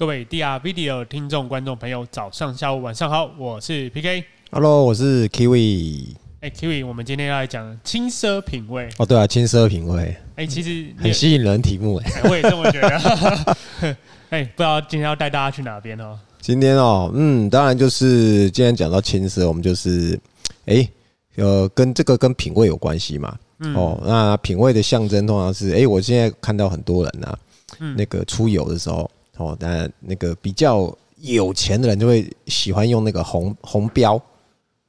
各位 DR Video 聽眾、觀眾朋友，早上、下午、晚上好，我是 PK，Hello，我是 Kiwi，哎、欸、Kiwi，我們今天要來講輕奢品味哦，對啊，輕奢品味，哎、oh, 啊欸，其實很吸引人題目哎、欸，我也這麼覺得，哎、 欸，不知道今天要帶大家去哪邊哦。今天哦，嗯，當然就是今天講到輕奢，我們就是哎、欸，呃，跟這個跟品味有關係嘛，嗯、哦，那品味的象徵通常是哎、欸，我現在看到很多人吶、啊，嗯、那個出遊的時候。哦，那那個比較有錢的人就會喜歡用那個紅紅標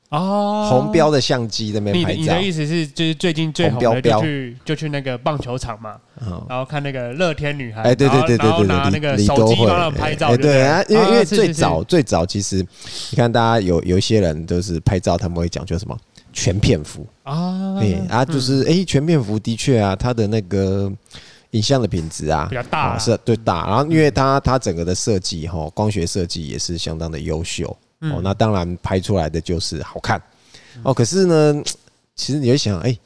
哦，紅標的相機在那邊拍照。你的意思是，就是最近最紅的就去就去那個棒球場嘛，然後看那個樂天女孩。哎，對對對對對。拿那個手機拍照。對啊，因為因為最早最早其實，你看大家有有一些人都是拍照，他們會講究什麼全片幅啊，嗯啊，就是哎，全片幅的確啊，他的那個。影像的品質啊比較大，是對大、啊，然後因為它它整個的設計哈，光學設計也是相當的優秀哦、喔。那當然拍出來的就是好看哦、喔。可是呢，其實你會想，哎，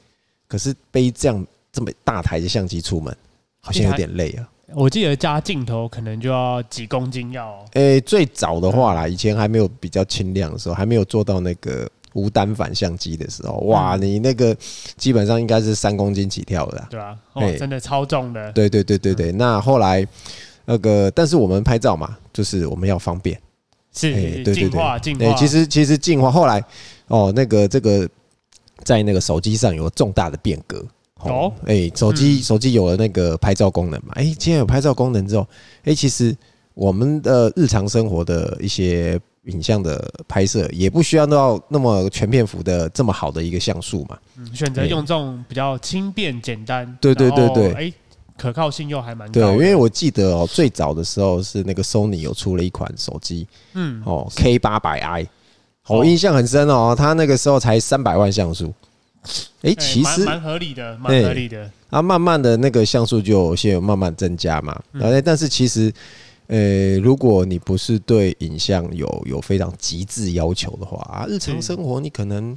可是背這樣這麼大台的相機出門，好像有點累啊。我記得加鏡頭可能就要幾公斤要。誒，最早的話啦，以前還沒有比較輕量的時候，還沒有做到那個。無單反相機的時候，哇，你那個基本上應該是三公斤起跳的、啊，嗯、對吧、啊哦？真的超重的。欸、對對對對對。嗯、那後來，那個但是我們拍照嘛，就是我們要方便、欸，是進化進化。哎，其實其實進化後來哦、喔，那個這個在那個手機上有重大的變革。哦。哎，手機手機有了那個拍照功能嘛？哎，既然有拍照功能之後，哎，其實我們的日常生活的一些。影像的拍攝也不需要那那麼全片幅的這麼好的一個像素嘛。嗯，選擇用這種比較輕便簡單，欸、後對對對對，哎、欸，可靠性又還蠻高。對，因為我記得哦、喔，最早的時候是那個 Sony 有出了一款手機，嗯，哦，K800i，我印象很深哦、喔，它那個時候才三百萬像素。哎、欸，其實蠻、欸、合理的，蠻合理的、欸。啊，慢慢的那個像素就先慢慢增加嘛，哎、嗯欸，但是其實。呃、欸，如果你不是對影像有有非常極致要求的話啊，日常生活你可能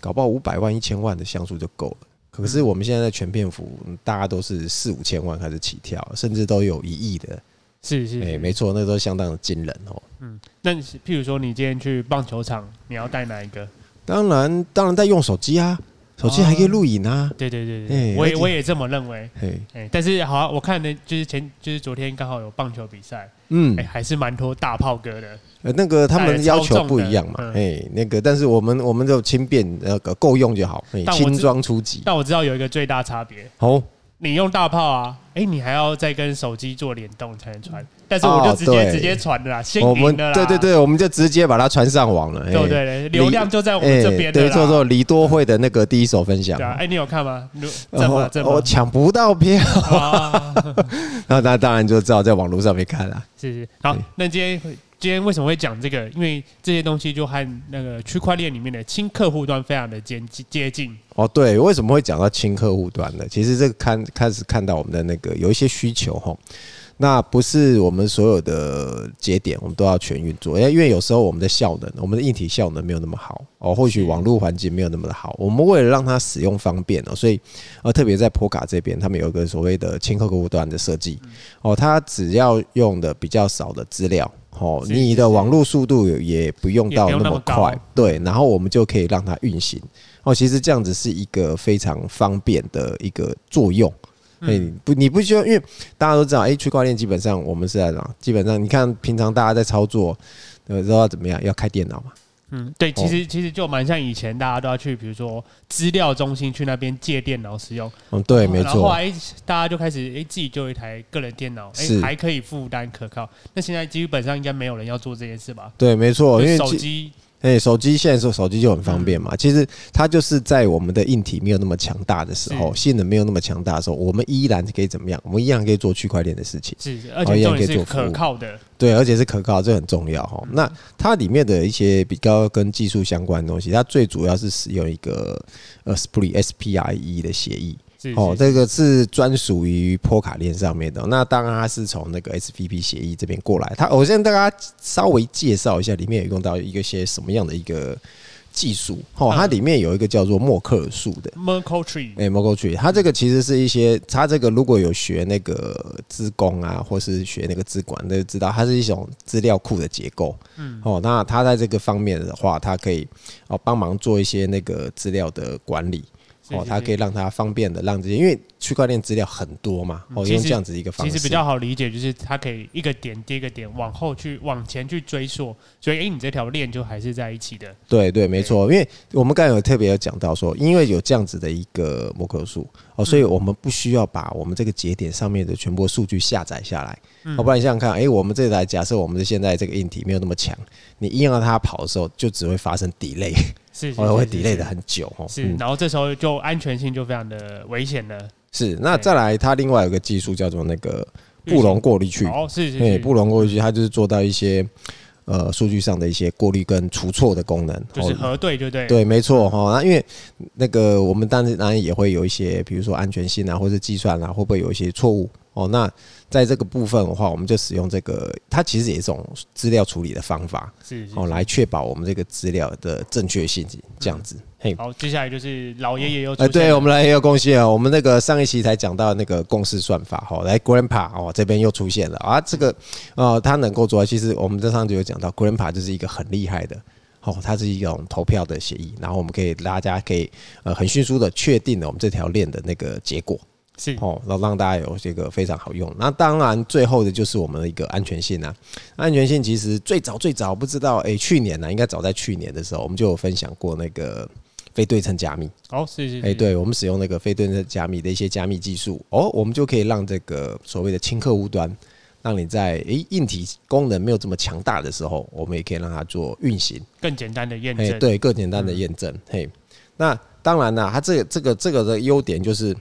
搞不好五百萬、一千萬的像素就夠了。可是我們現在在全片幅，大家都是四五千萬開始起跳，甚至都有一億的，是是，哎、欸，沒錯，那個、都相當的驚人哦。嗯，那你是，譬如說，你今天去棒球場，你要帶哪一個？當然，當然帶用手機啊。手機還可以錄影啊！對對對對，欸、我也我也這麼認為。欸欸、但是好、啊，我看呢，就是前就是昨天剛好有棒球比賽，嗯、欸，還是蠻多大炮哥的。呃、欸，那個他們的要求不一樣嘛，哎、嗯欸，那個但是我們我們就輕便那個夠用就好，輕、欸、裝出擊。但我知道有一個最大差別。好。你用大炮啊？哎、欸，你還要再跟手機做聯動才能傳，但是我就直接直接傳的啦，哦、啦我們的對對對，我們就直接把它傳上網了。欸、對對，對，流量就在我們這邊的啦。欸、對做做，李多慧的那個第一手分享。哎、啊，欸、你有看嗎？怎麼、哦嘛哦、我搶不到票那、哦 哦、那當然就只好在網絡上面看了。謝謝。好，對那今天會。今天為什麼會講這個？因為這些東西就和那個區塊鏈裡面的輕客戶端非常的接接近哦。對，為什麼會講到輕客戶端呢？其實這個開開始看到我們的那個有一些需求吼，那不是我們所有的節點我們都要全運作，因為因為有時候我們的效能，我們的硬體效能沒有那麼好哦，或許網絡環境沒有那麼的好。我們為了讓它使用方便哦，所以而特別在波卡這邊，他們有一個所謂的輕客戶端的設計哦，它只要用的比較少的資料。哦，你的網絡速度也不用到那麼快，對，然後我們就可以讓它運行。哦，其實這樣子是一個非常方便的一個作用。哎，不，你不需要，因為大家都知道，哎，區塊鏈基本上我們是在哪？基本上你看，平常大家在操作，知道要怎麼樣？要開電腦嘛。嗯，對，其實其實就蠻像以前，大家都要去，比如說資料中心去那邊借電腦使用。嗯，對，哦、沒錯。然後後來，哎，大家就開始，哎，自己就有一台個人電腦，哎是，還可以負擔可靠。那現在基本上應該沒有人要做這件事吧？對，沒錯，因為手機。哎，手機現在說手機就很方便嘛。其實它就是在我們的硬體沒有那麼強大的時候，性能沒有那麼強大的時候，我們依然可以怎麼樣？我們依然可以做區塊鏈的事情，是而且是可靠的。對，而且是可靠，這很重要哈。那它裡面的一些比較跟技術相關的東西，它最主要是使用一個呃，SPREE 的協議。哦，這個是專屬於波卡鏈上面的。那當然它是從那個 S V P 協議這邊過來。它，我現在大家稍微介紹一下，裡面有用到一個些什麼樣的一個技術。哦，它裡面有一個叫做默克爾樹的。Merkle Tree。哎，Merkle Tree 它這個其實是一些，它這個如果有學那個資工啊，或是學那個資管的，你就知道它是一種資料庫的結構。嗯。哦，那它在這個方面的話，它可以哦幫忙做一些那個資料的管理。哦，它可以讓它方便的讓這些，因為區塊鏈資料很多嘛，哦，用這樣子一個方式，嗯、其實、其實比較好理解，就是它可以一個點接一個點往後去、往前去追溯，所以誒、欸，你這條鏈就還是在一起的。對對，對對沒錯，因為我們剛才有特別有講到說，因為有這樣子的一個模爾數哦，所以我們不需要把我們這個節點上面的全部數據下載下來，嗯、哦，不然你想想看，誒、欸，我們這台假設我們的現在這個硬體沒有那麼強，你硬要它跑的時候，就只會發生 delay 我也會 delay 的很久哦，是，然後這時候就安全性就非常的危險了。是，那再來，它另外有個技術叫做那個布隆過濾器，哦，是是，對，布隆過濾器，它就是做到一些呃數據上的一些過濾跟除錯的功能，就是核對，就對，對，沒錯哈。那因為那個我們當然也會有一些，比如說安全性啊，或者計算啊，會不會有一些錯誤？哦，那在這個部分的話，我們就使用這個，它其實也是一種資料處理的方法，是是是哦，來確保我們這個資料的正確性，這樣子。嗯、嘿，好，接下來就是老爺爺又哎、嗯，對我們來也有貢獻哦。我們那個上一期才講到那個共識算法，哈、哦，來 Grandpa 哦這邊又出現了、哦、啊，這個呃，它、哦、能夠做，其實我們這上就有講到 Grandpa 就是一個很厲害的，哦，它是一種投票的協議，然後我們可以大家可以呃很迅速的確定了我們這條鏈的那個結果。是哦，那讓大家有這個非常好用。那當然，最後的就是我們的一個安全性啊。安全性其實最早最早不知道，誒、欸，去年呢、啊，應該早在去年的時候，我們就有分享過那個非對稱加密。好、哦，是是，是，是、欸。對我們使用那個非對稱加密的一些加密技術，哦，我們就可以讓這個所謂的輕客戶端，讓你在誒、欸，硬體功能沒有這麼強大的時候，我們也可以讓它做運行更簡單的驗證、欸。對，更簡單的驗證。嘿、嗯欸，那當然呢、啊，它這個這個這個的優點就是。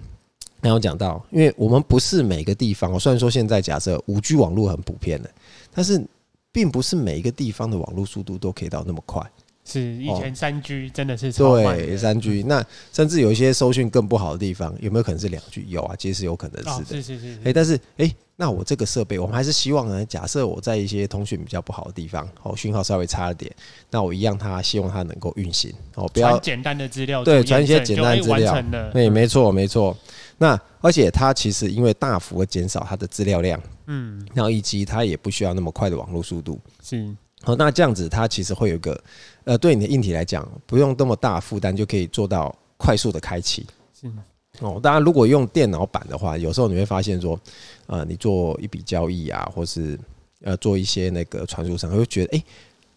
那有講到，因為我們不是每個地方，我雖然說現在假設五 G 網絡很普遍了，但是並不是每一個地方的網絡速度都可以到那麼快。是以前三 G 真的是超慢的，哦、對、三 G 那甚至有一些收訊更不好的地方，有沒有可能是兩 G？有啊，其實有可能是的。哦、是，是是是。欸、但是哎、欸，那我這個設備，我們還是希望呢，假設我在一些通訊比較不好的地方，哦，訊號稍微差了點，那我一樣它希望它能夠運行哦，比較簡單的資料，對，傳一些簡單資料。對、欸，沒錯，沒錯。那而且它其實因為大幅減少它的資料量，嗯，然後以及它也不需要那麼快的網絡速度，嗯、是好、哦，那這樣子它其實會有一個，呃，對你的硬體來講不用那麼大負擔就可以做到快速的開啟，是哦。當然，如果用電腦版的話，有時候你會發現說，呃，你做一筆交易啊，或是呃做一些那個傳輸上，會覺得哎。欸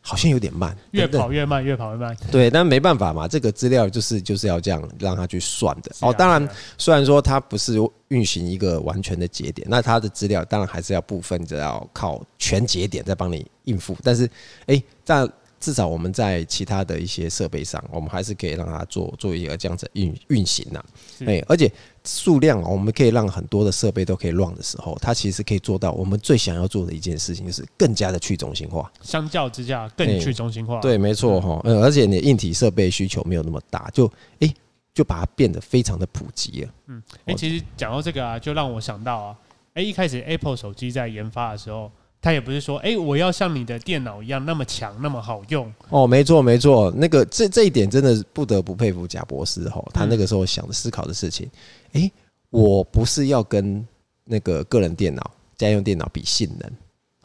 好像有點慢，越跑越慢，越跑越慢。對，但沒辦法嘛，這個資料就是就是要這樣讓他去算的。哦，當然，雖然說它不是運行一個完全的節點，那它的資料當然還是要部分的，要靠全節點在幫你應付。但是，哎，但。至少我們在其他的一些設備上，我們還是可以讓它做做一個這樣子運運行吶、啊。誒是、欸，而且數量，我們可以讓很多的設備都可以 run 的時候，它其實可以做到我們最想要做的一件事情，就是更加的去中心化。相較之下，更去中心化，欸、對，沒錯哈。嗯，而且你的硬體設備需求沒有那麼大，就誒、欸，就把它變得非常的普及了。嗯，誒、欸，其實講到這個啊，就讓我想到啊，誒、欸，一開始 Apple 手機在研發的時候。他也不是說，哎，我要像你的電腦一樣那麼強，那麼好用哦，沒錯沒錯，那個這這一點真的不得不佩服賈博士吼，他那個時候想思考的事情，哎，我不是要跟那個個人電腦、家用電腦比性能，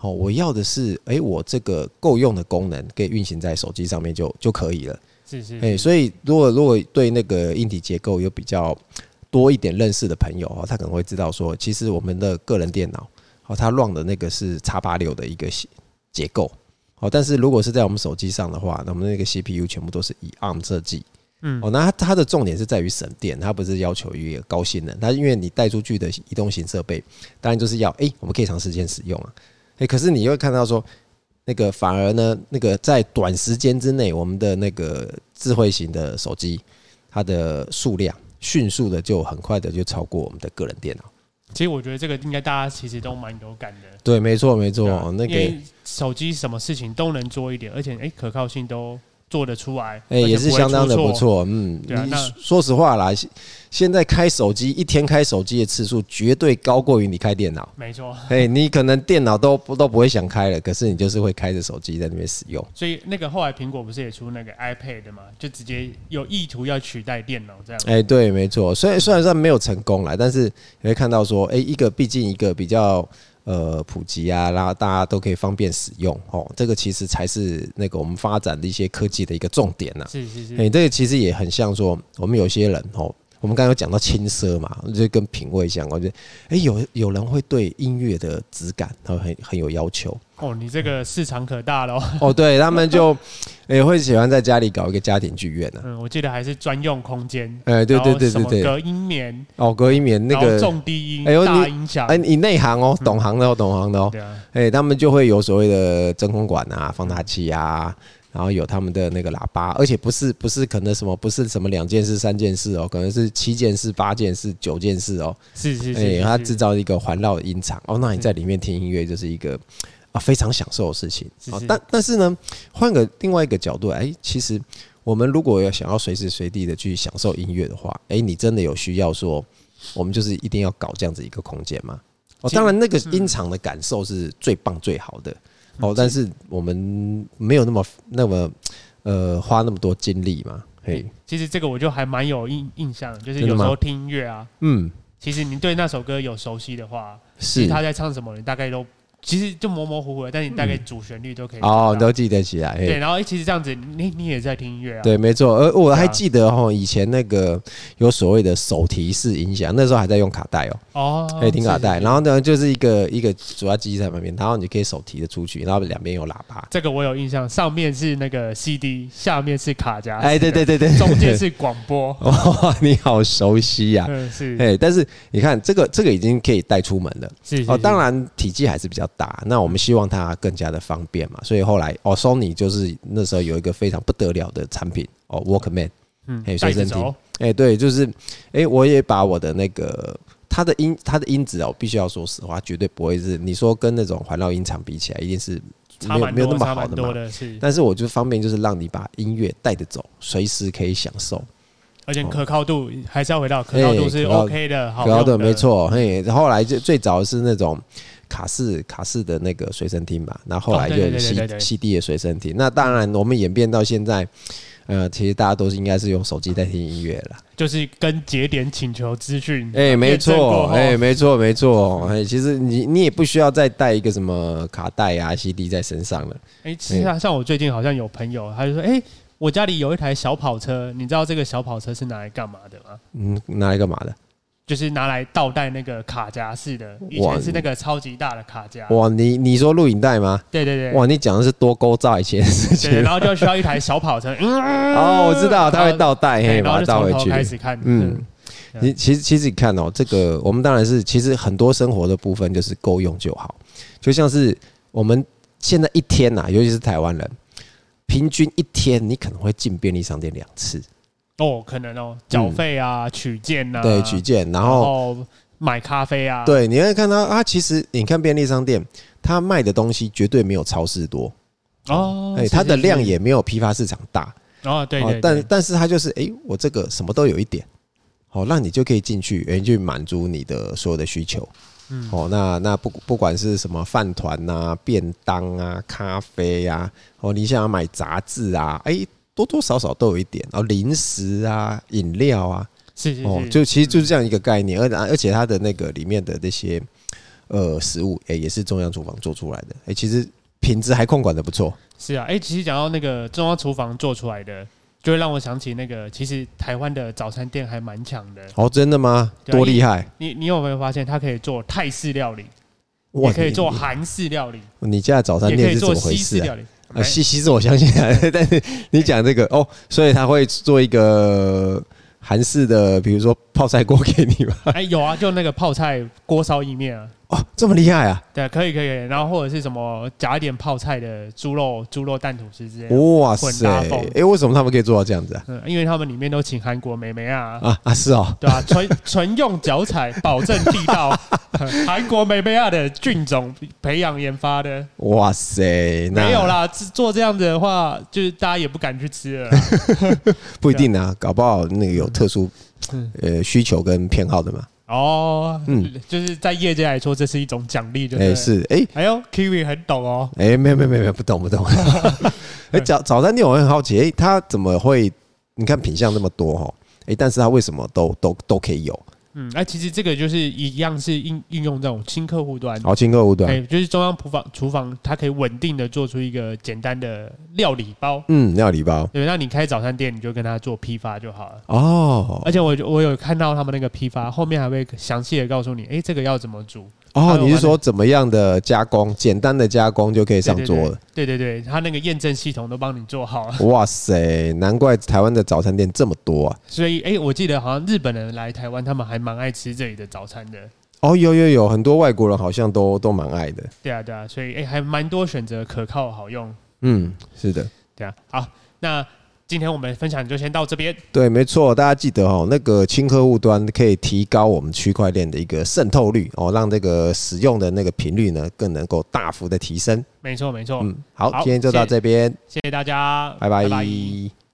哦，我要的是，哎，我這個夠用的功能可以運行在手機上面就就可以了，是是，誒，所以如果如果對那個硬體結構有比較多一點認識的朋友哦，他可能會知道說，其實我們的個人電腦。哦，它 run 的那個是 X 八六的一個結構，哦，但是如果是在我們手機上的話，那我們那個 CPU 全部都是以 ARM 設計，嗯，哦，那它它的重點是在於省電，它不是要求於高性能，它因為你帶出去的移動型設備，當然就是要，誒，我們可以長時間使用啊，誒，可是你又會看到說，那個反而呢，那個在短時間之內，我們的那個智慧型的手機，它的數量迅速的就很快的就超過我們的個人電腦。其實我覺得這個應該大家其實都蠻有感的。啊、對，沒錯，沒錯。那個、因為手機什麼事情都能做一點，而且哎、欸，可靠性都。做得出來，哎、欸，也是相當的不錯，嗯，啊、那你說實話啦，現在開手機一天開手機的次數絕對高過於你開電腦，沒錯，哎、欸，你可能電腦都不都不會想開了，可是你就是會開着手機在那邊使用。所以那個後來蘋果不是也出那個 iPad 的嘛，就直接有意圖要取代電腦這樣。哎、欸，對，沒錯，雖然雖然說沒有成功啦，但是你會看到說，哎、欸，一個畢竟一個比較。呃，普及啊，然後大家都可以方便使用哦。這個其實才是那個我們發展的一些科技的一個重點吶、啊。是對是，欸、這個其實也很像說，我們有些人哦。我們剛剛講到輕奢嘛，就是跟品味相關。我覺得，有有人會對音樂的質感，他會很很有要求、嗯。哦，你這個市場可大了。嗯、哦，對，他們就，哎，會喜歡在家裡搞一個家庭劇院的、啊。嗯，我記得還是專用空間。哎，對對對對對。什麼隔音棉？哦，隔音棉那個重低音大音響。哎，你內、欸、行哦，懂行的哦，懂行的哦。哎，他們就會有所謂的真空管啊，放大器啊。然後有他們的那個喇叭，而且不是不是可能什麼不是什麼兩件事，三件事哦，可能是七件事、八件事、九件事哦。是是是，他、欸、製造一個環繞的音場是哦，那你在裡面聽音樂就是一個是啊非常享受的事情。好，哦，但但是呢，換個另外一個角度，哎、欸，其實我們如果要想要隨時隨地的去享受音樂的話，哎、欸，你真的有需要說我們就是一定要搞這樣子一個空間嗎？哦，當然那個音場的感受是最棒最好的。是嗯哦，但是我們沒有那麼那麼，呃，花那麼多精力嘛，嘿。其實這個我就還蠻有印印象，就是有時候聽音樂啊，嗯，其實你對那首歌有熟悉的話，是他在唱什麼，你大概都。其實就模模糊糊的，但你大概主旋律都可以哦，嗯 oh, 都記得起來。對，然後其實這樣子你，你你也在聽音樂啊？對，沒錯。而我還記得吼，這樣。以前那個有所謂的手提式音響，那時候還在用卡帶哦，哦，可以聽卡帶。是是是是，然後呢，就是一個一個主要機器在旁邊，然後你可以手提的出去，然後兩邊有喇叭。這個我有印象，上面是那個 CD，下面是卡夾，哎，對對對對，中間是廣播。 哦，你好熟悉呀、啊！哎、嗯，但是你看這個這個已經可以帶出門了，是是是，哦，當然體積還是比較大。打那我們希望它更加的方便嘛，所以後來哦，Sony 就是那時候有一個非常不得了的產品哦，Walkman，嗯，還有隨、欸、身聽，哎、欸，對，就是哎、欸，我也把我的那個它的音它的音質哦、喔，我必須要說實話，絕對不會是你說跟那種環繞音場比起來，一定是沒有差蠻沒有那麼好的嘛，差蠻多的是但是我就方便，就是讓你把音樂帶着走，隨時可以享受，而且可靠度、喔、還是要回到可靠度是 OK 的，欸、可靠度沒錯，嘿、欸，後來就最早是那種。卡式卡式的那個隨身聽吧，然後後來就 C C D 的隨身聽。那當然，我們演變到現在，呃，其實大家都是應該是用手機在聽音樂了。就是跟節點請求資訊，誒，沒錯，誒，沒錯，沒錯。其實你你也不需要再帶一個什麼卡帶啊、C D 在身上了。其實像像我最近好像有朋友，他就說，誒，我家裡有一台小跑車，你知道這個小跑車是拿來幹嘛的嗎？嗯，拿來幹嘛的？就是拿來倒帶那個卡夾式的，以前是那個超級大的卡夾。哇，你你說錄影帶嗎？對對對,對。哇，你講的是多久以前的事情。對對對然後就需要一台小跑車。 嗯、哦，我知道，他會倒帶，嘿，把它倒回去開始看。嗯，對 嗯、你其實其實你看哦、喔，這個我們當然是其實很多生活的部分就是夠用就好，就像是我們現在一天吶、啊，尤其是台灣人，平均一天你可能會進便利商店兩次。哦，可能哦、喔，繳費啊，嗯、取件呐、啊，對，取件，然後，然後買咖啡啊，對，你會看到啊，其實你看便利商店，它賣的東西絕對沒有超市多哦，它的量也沒有批發市場大哦，對，對，對，對，但但是它就是哎、欸，我這個什麼都有一點哦，那、喔、你就可以進去，完全去滿足你的所有的需求，嗯，哦、喔，那那不不管是什麼飯糰呐、便當啊、咖啡呀、啊，哦、喔，你想要買雜誌啊，哎、欸。多多少少都有一點，然後零食啊、飲料啊，是,是,是哦，就其實就是這樣一個概念，而而且它的那個裡面的那些呃食物，哎，也是中央廚房做出來的，哎，其實品質還控管的不錯。是啊，哎、欸，其實講到那個中央廚房做出來的，就會讓我想起那個，其實台灣的早餐店還蠻強的、啊。哦，真的嗎？多厲害！你你有沒有發現，它可以做泰式料理，也可以做韓式料理，你家的早餐店是怎麼回事啊？啊、呃，西西是我相信啊，但是你講這個哦，所以他會做一個韓式的，比如說泡菜鍋給你吧？哎、欸，有啊，就那個泡菜鍋燒意麵啊。哦，這麼厲害啊！對，可以可以，然後或者是什麼加一點泡菜的豬肉、豬肉蛋吐司之類。哇塞！哎、欸，為什麼他們可以做到這樣子啊？啊、嗯？因為他們裡面都請韓國美眉啊啊，啊！是哦，對啊，純純 用腳踩，保證地道。韓 國美眉啊的菌種培養研發的。哇塞！那沒有啦，做這樣子的話，就是大家也不敢去吃了。 不一定啊，對搞不好那個有特殊、嗯、呃需求跟偏好的嘛。哦，oh, 嗯，就是在業界來說，這是一種獎勵，就是，哎，是，哎、欸，還有 Kiwi 很懂哦，哎、欸，沒有沒有沒有，不懂不懂。哎、 欸，早早餐店我很好奇，哎、欸，他怎麼會？你看品項那麼多哈，哎、欸，但是他為什麼都都都可以有？嗯，那、啊、其實這個就是一樣是應應用這種輕客戶端，哦，輕客戶端，對，就是中央廚房廚房，房它可以穩定的做出一個簡單的料理包，嗯，料理包，對，那你開早餐店，你就跟他做批發就好了，哦，而且我我有看到他們那個批發後面還會詳細的告訴你，哎、欸，這個要怎麼煮。哦，你是說怎麼樣的加工？簡單的加工就可以上桌了。對對對，對對對，他那個驗證系統都幫你做好了。哇塞，難怪台灣的早餐店這麼多啊！所以，哎、欸，我記得好像日本人來台灣，他們還蠻愛吃這裡的早餐的。哦，有有有很多外國人好像都都蠻愛的。對啊，對啊，所以哎、欸，還蠻多選擇，可靠好用。嗯，是的，對啊。好，那。今天我們分享就先到這邊。對，沒錯，大家記得哦、喔，那個輕客戶端可以提高我們區塊鏈的一個滲透率哦、喔，讓這個使用的那個頻率呢，更能夠大幅的提升。沒錯，沒錯，嗯，好，好，今天就到這邊，謝謝，謝謝大家，拜拜。拜拜。